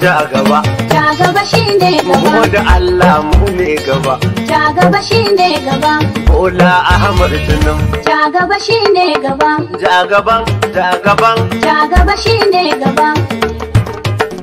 ja gaba ja gaba ne gaba da Allah mu ne gaba ja gaba ne gaba Bola Ahmad Tunum ja gaba ne gaba ja gaba, ja gaba. ja gaba ne gaba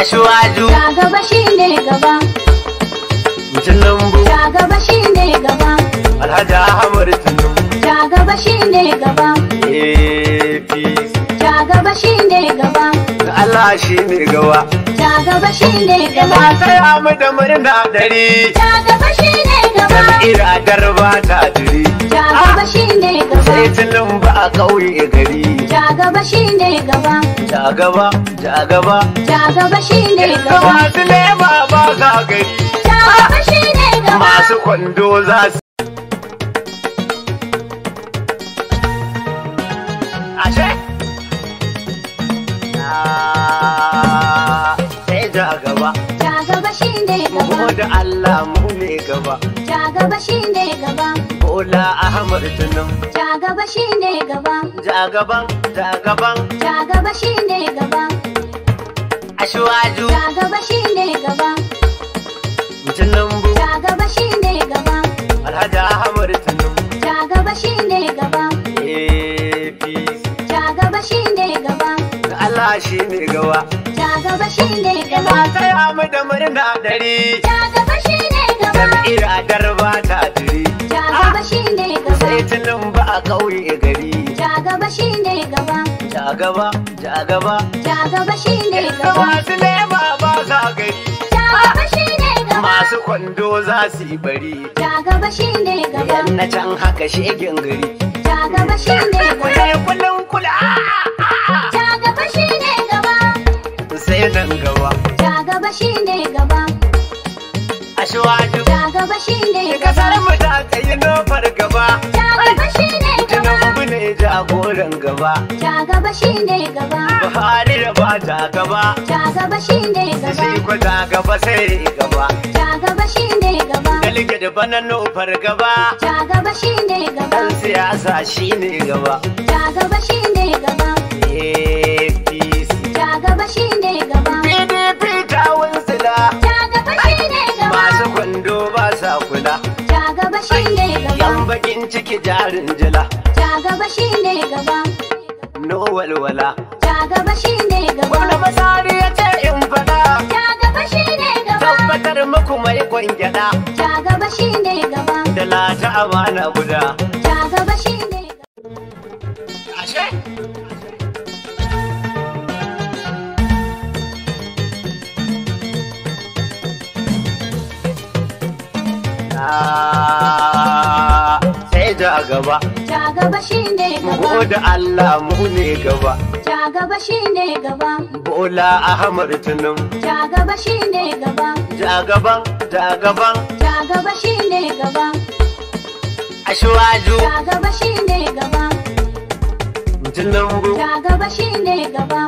Ashwaju ja gaba ne gaba bu. ja gaba ne gaba Alhaji Ahmad Tunum ja gaba ne gaba peace. ja gaba ne gaba Allah shi ne gawa. Ta gaba shi ne gaba. Na taya mu da murna dare. Ta gaba shi ne gaba. iradar ba ta jiri. Ta gaba shi ne gaba. Sai tilin ba a kauye gari. Ta gaba shi ne gaba. Ta gaba, ta gaba. Ta gaba shi ne gaba. Masu lema ba ka gari. Ta gaba shi ne gaba. Masu kwando za su. Allah mu ne gaba. Ja gaba shi ne gaba. Bola Ahmad Tunum. Ja gaba shi ne gaba. Ja gaban, ja gaban. Ja gaba shi ne gaba. Ashwaju. Ja gaba shi ne gaba. bu. Ja gaba shi ne gaba. Alhaji Ahmad Tunum. Ja gaba shi ne gaba. APC. Ja gaba shi ne gaba. Allah shi ne gaba. gaba shi ne gaba. Sai amu da murna dare. Ja gaba shi ne gaba. Jam'iyyar adarba ta jiri. Ja gaba shi ne gaba. Sai tilin ba a ƙauye gari. Ja gaba shi ne gaba. Ja gaba, ja gaba. Ja gaba shi ne gaba. Masu lema ba sa gari. Ja gaba shi ne gaba. Masu kwando za su yi bari. Ja gaba shi ne gaba. Yan na can haka shegin gari. Ja gaba shi ne gaba. gaba shine gaba ashwaju ja gaba shine kasar mu ta kai nofar gaba ja gaba shine gaba tinubu ne jagoran gaba ja gaba shine gaba buhari da ba ta gaba ja gaba shine gaba shi ko ta gaba sai gaba ja gaba shine gaba dalike da bana nofar gaba ja gaba shine gaba dan siyasa shine gaba ja gaba shine gaba eh bakin ciki jarin jila. Ja gaba shi ne gaba. No walwala. Ja gaba shi ne gaba. Wani masari ya ce in fada. Ja gaba shi ne gaba. Tabbatar muku mai kwangyada. Ja gaba shi ne gaba. Da lata amana guda. Ja gaba shi ne gaba. Ashe? Ah. ja gaba ja gaba shine gaba da Allah mu ne gaba ja gaba shine gaba Bola Ahmad Tunum ja gaba shine gaba ja gaba ja gaba ja gaba shine gaba Ashwaju ja gaba shine gaba Tunumbu ja gaba shine gaba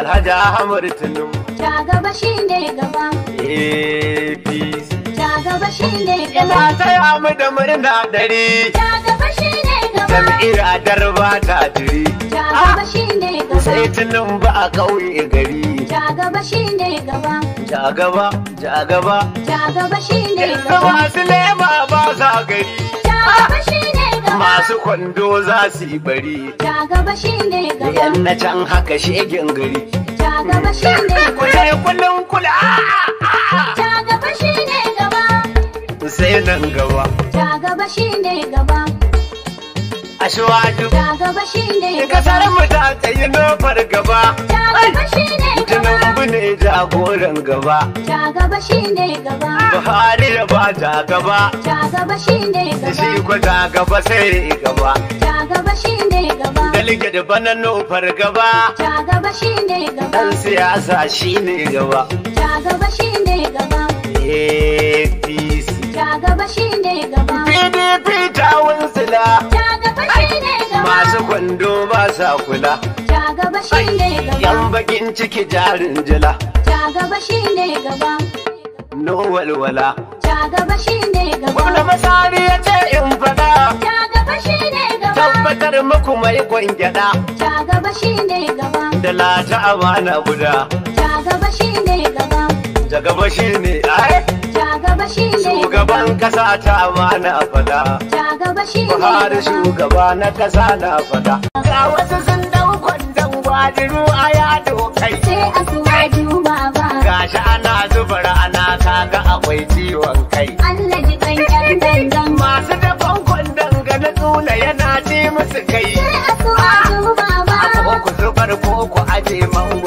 Alhaji Ahmad Tunum ja gaba shine gaba APC ja gaba ne gaba Ina taya mu da murna dare jam'ir a darba ta jiri jagaba shine gaba sai tunan ba a kauye gari jagaba shine gaba jagaba jagaba jagaba shine gaba masu lema ba sa gari jagaba shine gaba masu kwando za su yi bari jagaba shine gaba yan na can haka shegen gari jagaba shine gaba kula kullun kula jagaba shine gaba sai nan gaba jagaba shine gaba a ashwaju ta gaba shine kasar mu ta tsayi nofar gaba ta gaba shine tinubu ne jagoran gaba ta gaba shine gaba buhari ya ba ta gaba ta gaba shine gaba shi ko ta gaba sai gaba ta gaba shine gaba dalike da bana nofar gaba ta gaba shine gaba dan siyasa shine gaba ta gaba shine gaba APC ta gaba shine gaba PDP ta wunsila wando ba sa kula. Ja gaba shi ne gaba. Yan bakin ciki jarin jila. Ja gaba shi ne gaba. No walwala. Ja gaba shi ne gaba. Wanda masabi ya ce in faɗa. Ja gaba shi ne gaba. Tabbatar muku mai kwangyada. Ja gaba shi ne gaba. Da lata amana guda. Ja gaba shi ne gaba. Ja gaba shi ne ai. Ja gaba shi ne gaba. Shugaban kasa ta amana fada. Ja gaba shi Buhari shugaba na kasa na fada. Ga wasu sun dau kwandon gwadiru a yado kai. Sai a suwa juba ba. shi ana zuba rana kaga akwai ciwon kai. Allah ji kan yan dangan. Masu dafan kwandon ga na tsula yana ce musu kai. Sai a suwa juba ba. Ko ku zubar ko ku aje man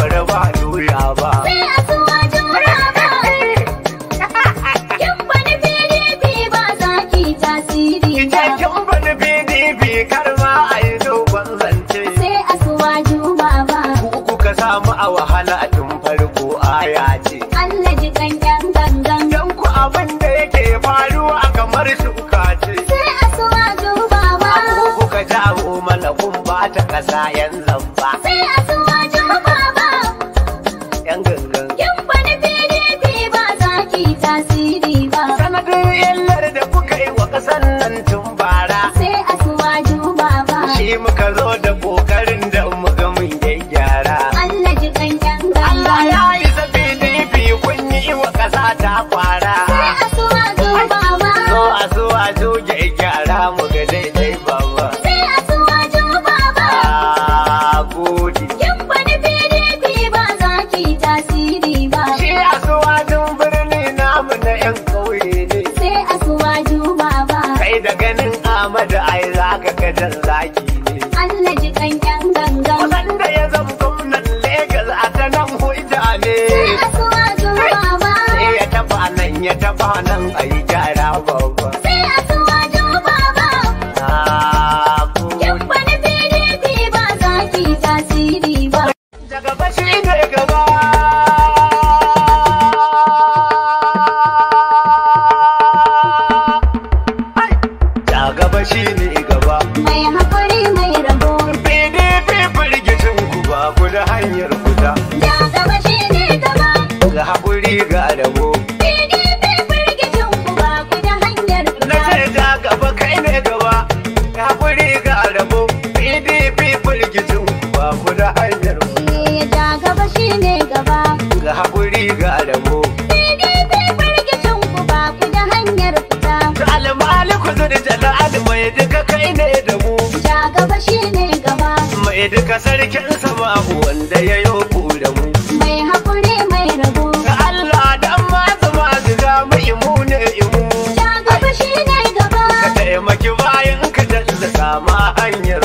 a wahala tun farko ya ce. Allah ji gangan gangan. Don ku abin da yake faruwa kamar shuka ce. Sai a so a duba ba. Ku kuka jawo mana kun ba ta ƙasa yanzu ba. Sai a gode. Kin faɗi PDP ba za ki tasiri ba. Shi asuwajin birni namu na ƴan ƙauye ne. Sai asuwaju baba. Kai da ganin Amadu ai za ka ga gadan zaki ne. Allah ji kan 'yan gangan. Kusan da ya zama gwamnan Legas a ta nan hujja ne. Sai asuwaju baba. Sai ya taɓa nan ya taɓa nan a yi gyara baba. wuri ga rabo. PDP ku ba ku da hanyar ku. Na ce ta gaba kai ne gaba, ku ba ku da hanyar shi ne gaba. Ga ku ba ku da hanyar almali ku zuri jala'ad mai duka kai ne da mu. Ja gaba shi ne mai duka sarkin sama wanda ya yi da mu. Mai haƙuri mai rabo. Ga Allah dan masu masu ga mu imu ne imu. Ya gaba shi ne gaba. Ka taimaki bayan ka da sama hanyar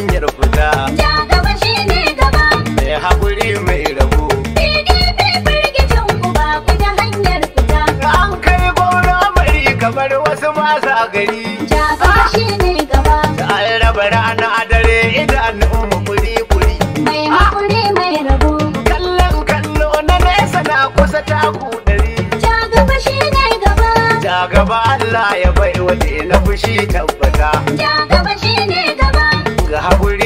hanyar fita. Ja gaba ne gaba. Mai haƙuri mai rabo. PDP firgicin ku ba ku hanyar fita. An kai gona bari kamar wasu masa gari. Ja gaba ne gaba. a dare idanun mu kuri Mai haƙuri mai Kallon kallo na nesa na kusa taku ɗari. Ja ne gaba. Ja gaba Allah ya bai wa na fushi tabbata. Ja gaba shi ne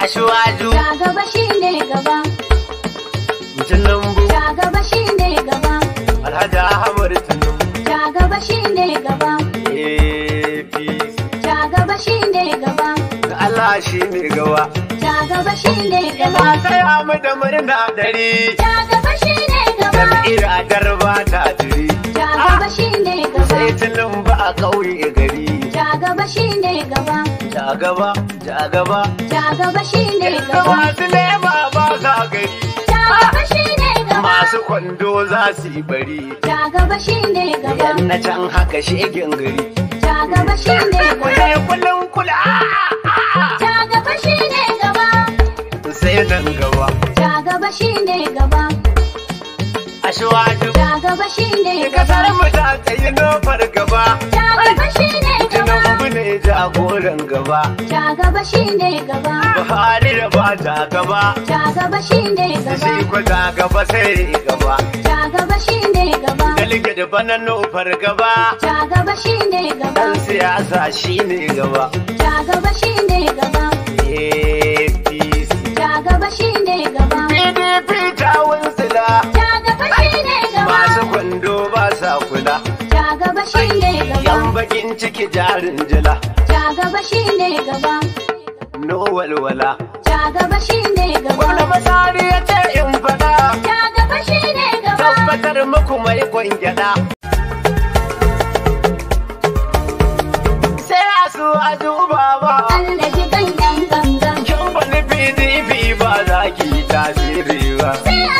Ashwaju. Ja gaba shine gaba. Tinubu. Ja gaba shine gaba. Alhaji Ahmad Tinubu. Ja gaba shine gaba. APC. Ja gaba shine gaba. Da Allah ne gaba. Ja gaba ah! shine gaba. Sai mu murna dare. Ja gaba shine gaba. a Adarba ta jiri. Ja gaba shine gaba. Sai Tinubu a ƙauye gari. Ja gaba shine gaba. Jagaba gaba, ja gaba. Ja gaba gaba. Masu nema ba sa gari. Ja gaba gaba. Masu kwando za su yi bari. Ja gaba gaba. Yan na can haka shegen gari. Ja gaba shi gaba. Kulai kulun kula. Ja gaba shi ne gaba. Sai nan gaba. Ja gaba shi gaba. Ashuwa Ja gaba gaba. Kasar mu ta no nofar gaba. jagoran gaba. Ja gaba shi gaba. Buhari da ba ja gaba. Ja gaba shi ne gaba. Shi ko ja gaba sai gaba. Ja gaba shi ne gaba. Dalge da bana nufar gaba. Ja gaba shi gaba. Dan siyasa shine ne gaba. Ja gaba shi ne gaba. APC. Ja gaba shi ne gaba. PDP ta wunsila. Ja gaba shine gaba. Masu kwando ba sa kula. Ja gaba shi ne gaba. Yan bakin ciki jarin jila. gaba ne gaba. No walwala. Ja gaba ne gaba. Gwamna Masani ya ce in faɗa. Ja gaba ne gaba. Tabbatar muku mai kwangyada. Sai a su a duba ba. Allah ji gangan gangan. Kin bani PDP ba za ki tasiri ba. Sai a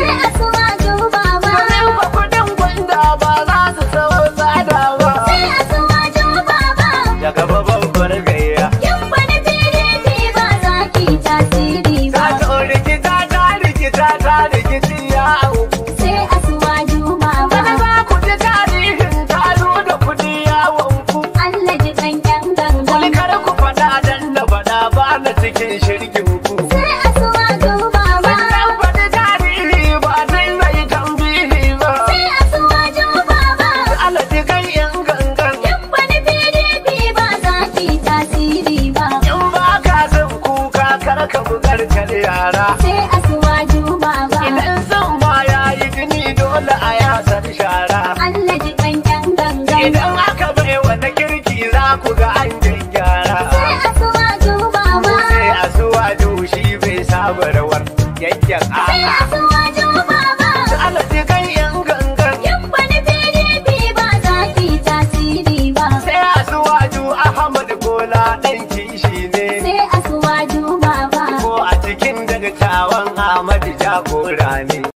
a ne